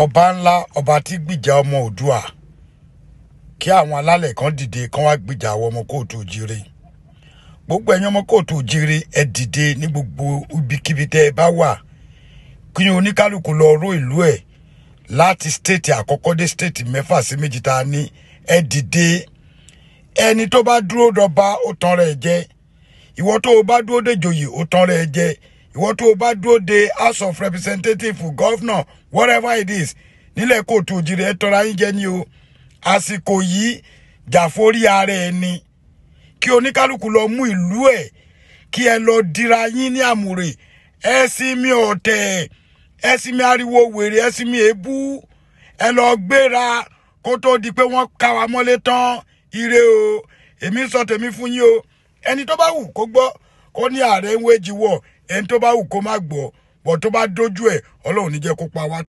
ọba ńlá ọba tí gbìjà ọmọ òdua kí àwọn alálẹ̀ kan dìde kán wá gbìjà àwọn ọmọ kóòtù òjire gbogbo ẹ̀yin ọmọ kóòtù òjire ẹ dìde ní gbogbo ibikíbi tẹ́ ẹ bá wà kí oníkálukú lọ ró ìlú ẹ̀ láti stéètì àkọ́kọ́ dé stéètì mẹ́fà sí méjì tá a ẹ dìde ẹni tó bá dúró dọba ó tan rẹ̀ jẹ ìwọ tó o bá dúró déjòyè ó tan rẹ̀ jẹ ìwọ tó o bá dúró de house of representative governor whatever it is nílẹ̀ kóòtù òjìrì ẹ tọ́ra yín jẹ ní o àsìkò yìí jàforí ara ẹ ni kí oníkálukú lọ mú ìlú ẹ kí ẹ lọ dira yín ní àmùrè ẹ sì mi ọ̀tẹ̀ ẹ sì mi ariwo wèrè ẹ sì mi èébú ẹ lọ gbéra kó tó di pé wọ́n ká wa mọ́lé tán ire o èmi sọ tèmi fún yín o ẹni tó bá wù kó gbọ́ kó ní ààrẹ ń wéjì wọ̀ ẹni tó bá wù kó má gbọ́ bọ̀ tó bá dójú ẹ̀ ọlọ́run ní jẹ́ kó pa wá.